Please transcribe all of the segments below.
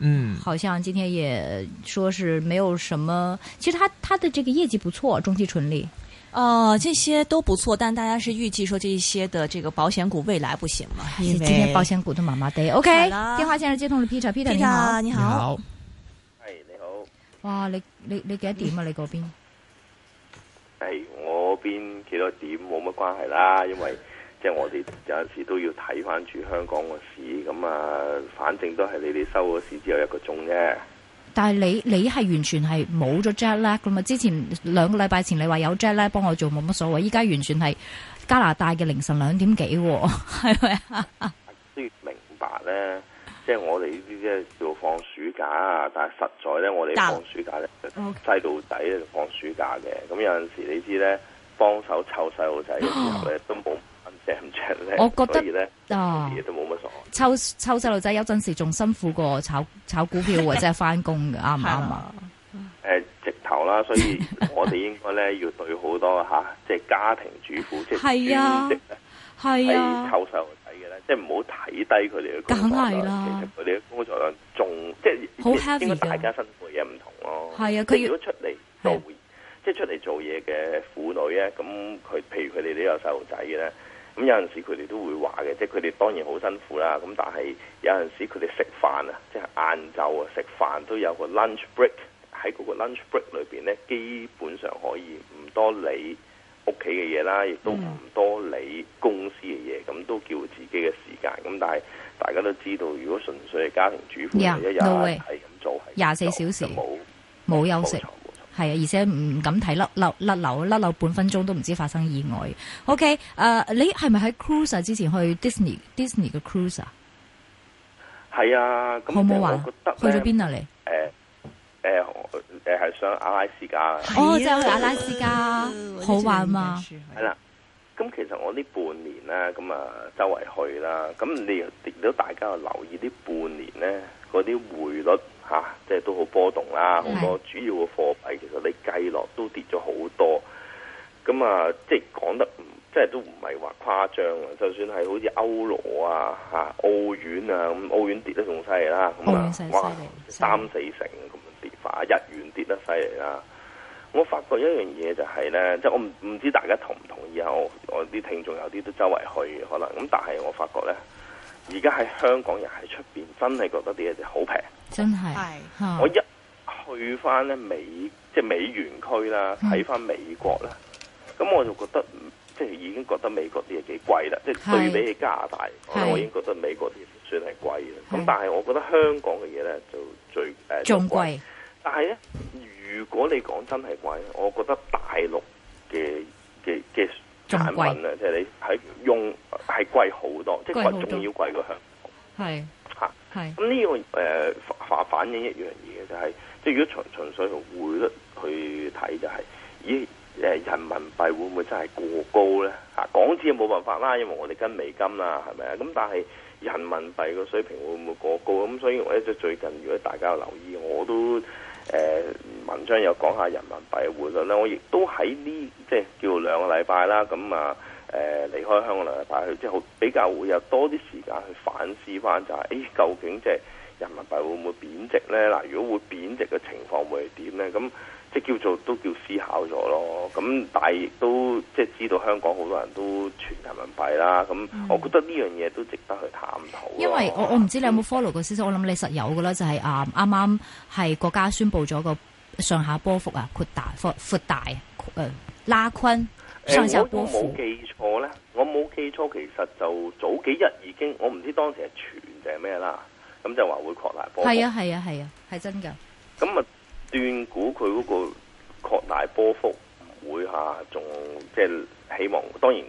嗯，好像今天也說是沒有什麼。其實他他的這個業績不錯，中期純利。哦、呃，這些都不錯，但大家是預計說這一些的這個保險股未來不行嘛。因為今天保險股都麻麻地。OK，是電話線接通了，Peter，Peter 你好，你好。你好。哎，你好。哇，你你你幾多點啊？你嗰邊、嗯？哎，我邊幾多點，冇乜關係啦，因為。即係我哋有陣時都要睇翻住香港個市，咁啊，反正都係你啲收嘅市只有一個鐘啫。但係你你係完全係冇咗 Jetlag 噶啊。之前兩個禮拜前你話有 Jetlag 幫我做冇乜所謂，依家完全係加拿大嘅凌晨兩點幾，係咪啊？都要明白咧，即係我哋呢啲咧叫放暑假，但係實在咧我哋放暑假咧細路仔咧放暑假嘅，咁、okay. 有陣時你知咧幫手湊細路仔嘅時候咧都冇。我覺得所呢啊，我都冇乜所謂，湊湊細路仔有陣時仲辛苦過炒炒股票 或者係翻工嘅，啱唔啱啊？誒 呃、直頭啦，所以我哋應該咧要對好多吓，即、啊、係、就是、家庭主婦，即係係啊，係啊，湊細路仔嘅咧，即係唔好睇低佢哋嘅工作量。其實佢哋嘅工作量仲即係好 heavy 嘅。大家辛苦嘅唔同咯。係啊，佢如果出嚟、啊、做，即、就、係、是、出嚟做嘢嘅婦女咧，咁佢譬如佢哋都有細路仔嘅咧。咁、嗯、有陣時佢哋都會話嘅，即係佢哋當然好辛苦啦。咁但係有陣時佢哋食飯啊，即係晏晝啊食飯都有個 lunch break，喺嗰個 lunch break 裏邊呢，基本上可以唔多理屋企嘅嘢啦，亦都唔多理公司嘅嘢，咁、嗯、都叫自己嘅時間。咁但係大家都知道，如果純粹係家庭主婦，yeah, no、一日係咁做，係廿四小時冇冇休息。係啊，而且唔敢睇甩甩甩流甩流，半分鐘都唔知發生意外。OK，誒、uh,，你係咪喺 cruiser 之前去 Disney Disney 嘅 cruiser？係啊，好唔好玩？咁我覺得去咗邊度嚟？誒誒誒係上阿拉斯加、啊。哦，就係、是、阿拉斯加，啊、好玩嘛、啊？係、啊、啦，咁其實我呢半年咧，咁啊周圍去啦，咁你亦都大家留意呢半年咧嗰啲匯率。嚇、啊，即係都好波動啦，好多主要嘅貨幣，其實你計落都跌咗好多。咁啊，即係講得唔，即係都唔係話誇張，就算係好似歐羅啊、嚇澳元啊，咁澳元、啊澳元跌啊、澳元跌、澳元跌得仲犀利啦。咁啊，犀三四成咁跌法，日元跌得犀利啦。我發覺一樣嘢就係咧，即係我唔唔知大家同唔同意啊？我啲聽眾有啲都周圍去，可能咁，但係我發覺咧。而家喺香港人喺出邊真係覺得啲嘢就好平，真係。我一去翻咧美即、就是、美元區啦，睇翻美國啦，咁、嗯、我就覺得即、就是、已經覺得美國啲嘢幾貴啦。即、就是、對比起加拿大，我已經覺得美國啲嘢算係貴啦。咁但係我覺得香港嘅嘢咧就最誒仲、呃、貴。但係咧，如果你講真係貴，我覺得大陸嘅嘅嘅。產品啦，即、就、係、是、你喺用係貴好多，即係仲要貴過香港。係嚇，係咁呢個誒話、呃、反映一樣嘢嘅，就係即係如果純純粹從匯率去睇、就是，就係咦誒人民幣會唔會真係過高咧？嚇、啊，港紙冇辦法啦，因為我哋跟美金啦，係咪啊？咁但係人民幣個水平會唔會過高咁、嗯？所以我喺就最近，如果大家有留意，我都。誒、呃、文章又講下人民幣匯率咧，我亦都喺呢即係叫兩個禮拜啦，咁啊誒離開香港兩個禮拜去之後，即比較會有多啲時間去反思返就係，誒、哎、究竟即係人民幣會唔會貶值咧？嗱，如果會貶值嘅情況會係點咧？咁。即叫做都叫思考咗咯，咁亦都即係知道香港好多人都存人民幣啦。咁我覺得呢樣嘢都值得去探討，嗯。因為我我唔知你有冇 follow 個消息，我諗你實有噶啦，就係啊啱啱係國家宣布咗個上下波幅啊擴大闊擴大誒、呃、拉寬，上下波幅。我冇記錯咧，我冇記錯，其實就早幾日已經，我唔知當時係傳定係咩啦，咁就話會擴大波幅。係啊係啊係啊，係真㗎。咁啊～斷估佢嗰個擴大波幅唔會吓，仲即係希望。當然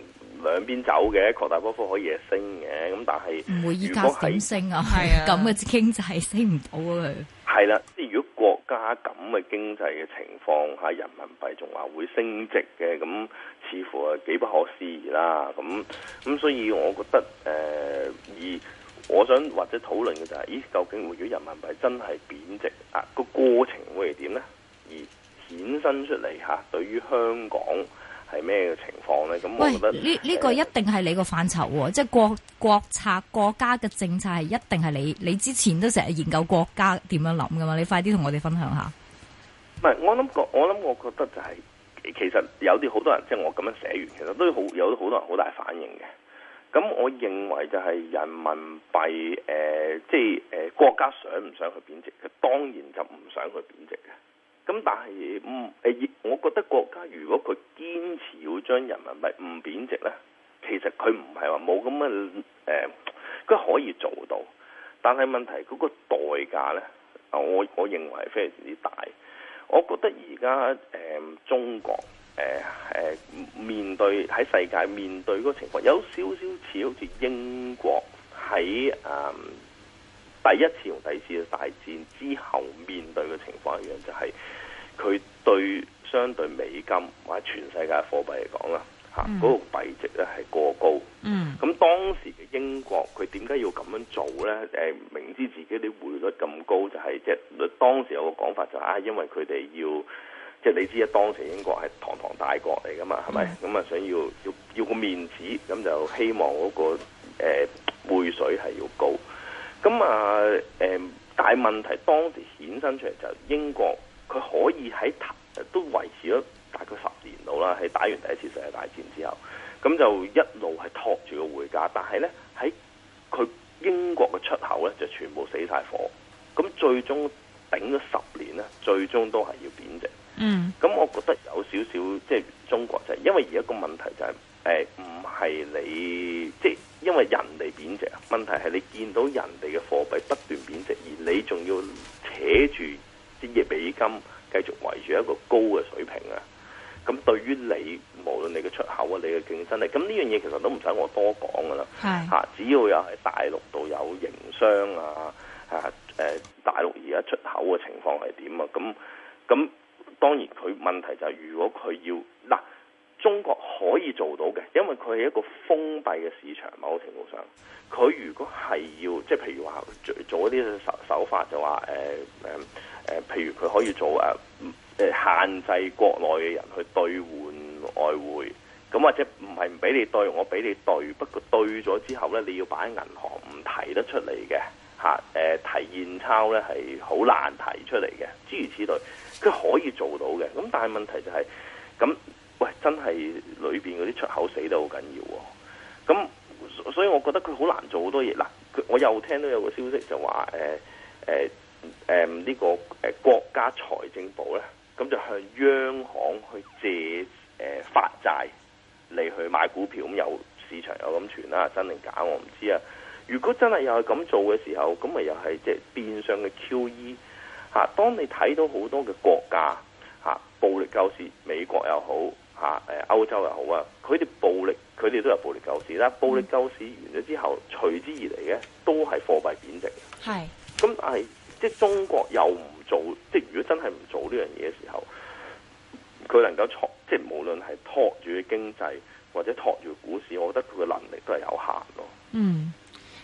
兩邊走嘅擴大波幅可以係升嘅，咁但係唔會依家咁升啊，係啊升不，咁嘅經濟升唔到啊。係啦，即係如果國家咁嘅經濟嘅情況下，人民幣仲話會升值嘅，咁似乎係幾不可思議啦。咁咁所以我覺得誒、呃、而。我想或者討論嘅就係、是，咦？究竟如果人民幣真係貶值啊，個過程會係點呢？而衍生出嚟嚇、啊，對於香港係咩嘅情況呢？咁，我覺得呢呢、這個一定係你個範疇喎，即、呃、係國國策、國家嘅政策係一定係你。你之前都成日研究國家點樣諗噶嘛？你快啲同我哋分享一下。唔係，我諗個，我諗我覺得就係、是、其實有啲好多人，即係我咁樣寫完，其實都好有好多人好大反應嘅。咁我認為就係人民幣即係、呃即係呃、國家想唔想去貶值嘅？當然就唔想去貶值嘅。咁但係唔、嗯呃、我覺得國家如果佢堅持要將人民幣唔貶值咧，其實佢唔係話冇咁嘅呃、佢可以做到。但係問題嗰、嗰個代價咧，我我認為係非常之大。我覺得而家、呃、中國。誒誒，面對喺世界面對嗰個情況，有少少似好似英國喺誒、嗯、第一次同第二次嘅大戰之後面對嘅情況一樣，就係、是、佢對相對美金或者全世界的貨幣嚟講啦，吓、嗯、嗰、嗰個幣值咧係過高。嗯，咁當時嘅英國佢點解要咁樣做咧？誒，明知自己啲匯率咁高，就係即係當時有個講法就係、啊，因為佢哋要。即係你知啊，當時英國係堂堂大國嚟㗎嘛，係咪？咁啊，想要要要個面子，咁就希望嗰、那個誒匯、呃、水係要高。咁啊，誒、呃、大問題當時衍生出嚟就係英國，佢可以喺都維持咗大概十年度啦，喺打完第一次世界大戰之後，咁就一路係托住個匯價，但係呢，喺佢英國嘅出口呢，就全部死晒火，咁最終頂咗十年呢，最終都係要貶值。嗯，咁我覺得有少少即係中國就係，因為而家個問題就係，呃唔係你即係因為人哋貶值啊，問題係你見到人哋嘅貨幣不斷貶值，而你仲要扯住啲嘢美金繼續圍住一個高嘅水平啊，咁對於你無論你嘅出口啊，你嘅競爭力，咁呢樣嘢其實都唔使我多講噶啦，吓，只要有喺大陸度有營商啊，啊啊大陸而家出口嘅情況係點啊，咁咁。當然佢問題就係，如果佢要嗱，中國可以做到嘅，因為佢係一個封閉嘅市場，某程度上，佢如果係要，即係譬如話做，做一啲手手法就話，就話誒誒譬如佢可以做誒誒、呃、限制國內嘅人去兌換外匯，咁或者唔係唔俾你兌，我俾你兌，不過兌咗之後咧，你要擺喺銀行，唔提得出嚟嘅。嚇誒提現鈔咧係好難提出嚟嘅，諸如此類，佢可以做到嘅。咁但係問題就係、是，咁喂真係裏邊嗰啲出口死得好緊要喎。咁所以我覺得佢好難做好多嘢。嗱，我又聽到有個消息就話誒誒誒呢個誒、呃、國家財政部咧，咁就向央行去借誒、呃、發債嚟去買股票，咁有市場有咁傳啦，真定假我唔知啊。如果真係又係咁做嘅時候，咁咪又係即係變相嘅 QE 嚇、啊。當你睇到好多嘅國家嚇、啊、暴力救市，美國又好嚇誒、啊呃、歐洲又好啊，佢哋暴力佢哋都有暴力救市。但暴力救市完咗之後、嗯，隨之而嚟嘅都係貨幣貶值。係。咁但係即係中國又唔做，即、就、係、是、如果真係唔做呢樣嘢嘅時候，佢能夠托，即、就、係、是、無論係托住經濟或者托住股市，我覺得佢嘅能力都係有限咯。嗯。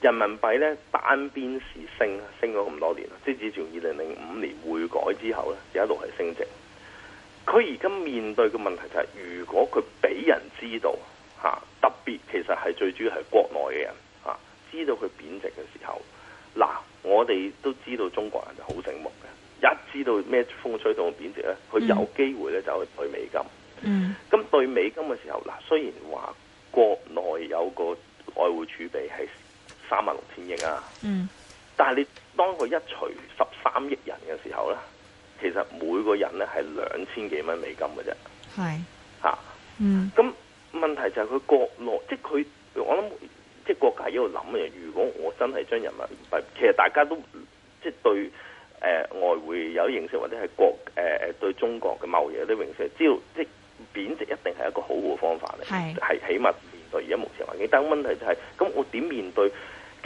人民幣咧單邊時升，升咗咁多年啦，即係自從二零零五年匯改之後咧，一路係升值。佢而家面對嘅問題就係、是，如果佢俾人知道，嚇特別其實係最主要係國內嘅人嚇知道佢貶值嘅時候，嗱我哋都知道中國人就好醒目嘅，一知道咩風吹到貶值咧，佢有機會咧就去對美金。咁對美金嘅、嗯、時候，嗱雖然話國內有個外匯儲備係。三萬六千億啊，嗯，但係你當佢一除十三億人嘅時候咧，其實每個人咧係兩千幾蚊美金嘅啫，係，吓、啊，嗯，咁問題就係佢國內，即係佢，我諗，即係國家喺度諗嘅嘢。如果我真係將人民幣，其實大家都即係對誒、呃、外匯有啲認識，或者係國誒、呃、對中國嘅貿易有啲認識，知道即係貶值一定係一個好嘅方法嚟，係起碼面對而家目前環境。但係問題就係、是，咁我點面對？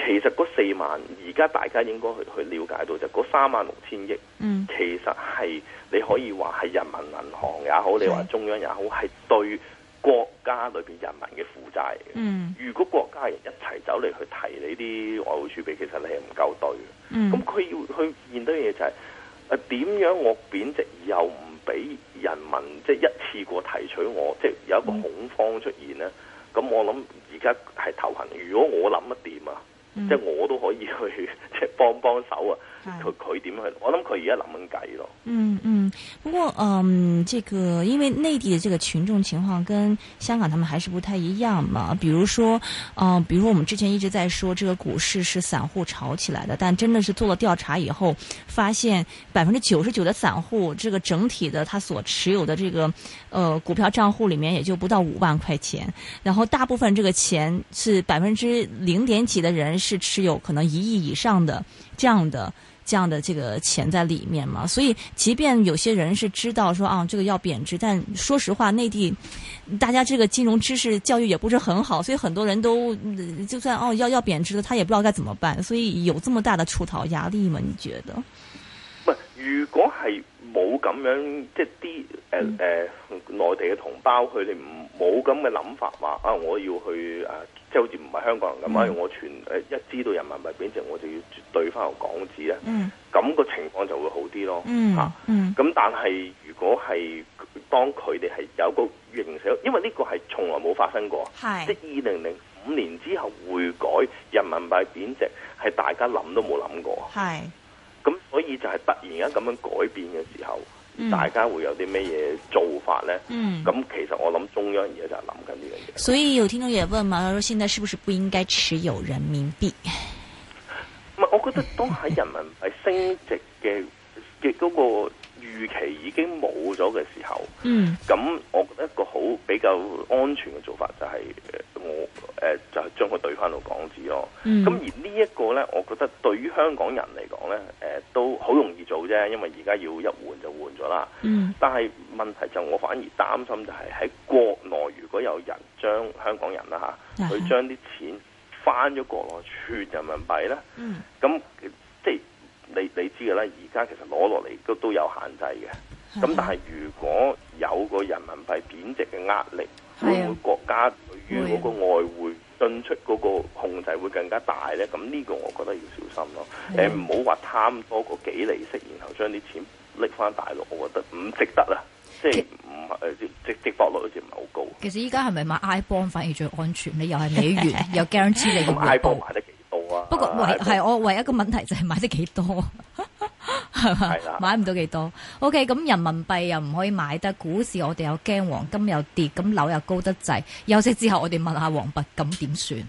其實嗰四萬而家大家應該去去了解到就嗰三萬六千億，嗯、其實係你可以話係人民銀行也好，嗯、你話中央也好，係對國家裏邊人民嘅負債嚟嘅、嗯、如果國家人一齊走嚟去提你呢啲外匯儲備，其實你係唔夠對咁佢要去見到嘢就係、是、誒，點、啊、樣我貶值又唔俾人民即係、就是、一次過提取我，即、就、係、是、有一個恐慌出現呢咁、嗯、我諗而家係頭痕，如果我諗一點啊！即係、 就是、我都可以去，即係幫幫手啊！佢佢點去？我諗佢而家諗緊計咯。嗯嗯，不過嗯、呃，這個因為內地的這個群眾情況跟香港，他們還是不太一樣嘛。比如說，嗯、呃，比如我們之前一直在說，這個股市是散戶炒起來的，但真的是做了調查以後，發現百分之九十九的散戶，這個整體的他所持有的這個，呃，股票賬戶裏面也就不到五萬塊錢，然後大部分這個錢是百分之零點幾的人是持有可能一億以上的這樣的。這樣的這個錢在裏面嘛，所以即便有些人是知道說啊，這個要貶值，但說實話，內地大家這個金融知識教育也不是很好，所以很多人都、嗯、就算哦要要貶值了他也不知道該怎麼辦，所以有這麼大的出逃壓力嗎？你覺得？不，如果係冇咁樣，即係啲誒誒內地嘅同胞，佢哋冇咁嘅諗法話啊，我要去啊。即好似唔係香港人咁、嗯，我全一知道人民幣貶值，我就要絕對翻嚟港紙呀。咁、嗯、個情況就會好啲咯。嚇、嗯，咁、啊嗯、但係如果係當佢哋係有一個認識，因為呢個係從來冇發生過，即係二零零五年之後會改人民幣貶值，係大家諗都冇諗過。係，咁所以就係突然間咁樣改變嘅時候。嗯、大家會有啲咩嘢做法咧？咁、嗯、其實我諗中央而家就諗緊呢樣嘢。所以有聽眾也問嘛，佢話：，現在是不是不應該持有人民幣？唔、嗯、係，我覺得當喺人民幣升值嘅嘅嗰個預期已經冇咗嘅時候，嗯，咁我覺得一個好比較安全嘅做法就係、是、我誒、呃，就係將佢兌翻到港紙咯。咁、嗯、而這呢一個咧，我覺得對於香港人嚟講咧，誒、呃，都好容易做啫，因為而家要入戶。咗、嗯、啦，但係問題就我反而擔心就係喺國內，如果有人將香港人啦、啊、嚇，佢將啲錢翻咗國內，存人民幣咧，咁、嗯、即係你你知嘅啦。而家其實攞落嚟都都有限制嘅，咁但係如果有個人民幣貶值嘅壓力，會唔會、啊、會唔會國家對於嗰個外匯啊進出嗰個控制會更加大咧，咁呢個我覺得要小心咯。誒，唔好話貪多個幾利息，然後將啲錢搦翻大陸，我覺得唔值得啊。即係唔係誒？積積獲率好似唔係好高。其實依家係咪買 iBond 反而最安全？你又係美元，又驚知你個 iBond 買得幾多啊？哈哈哈哈哈哈，不過係我唯一一個問題就係買得幾多。 係買唔到幾多。O K，咁人民幣又唔可以買得，股市我哋又驚，黃金又跌，咁樓又高得滯。休息之後我哋問下王弼，咁點算？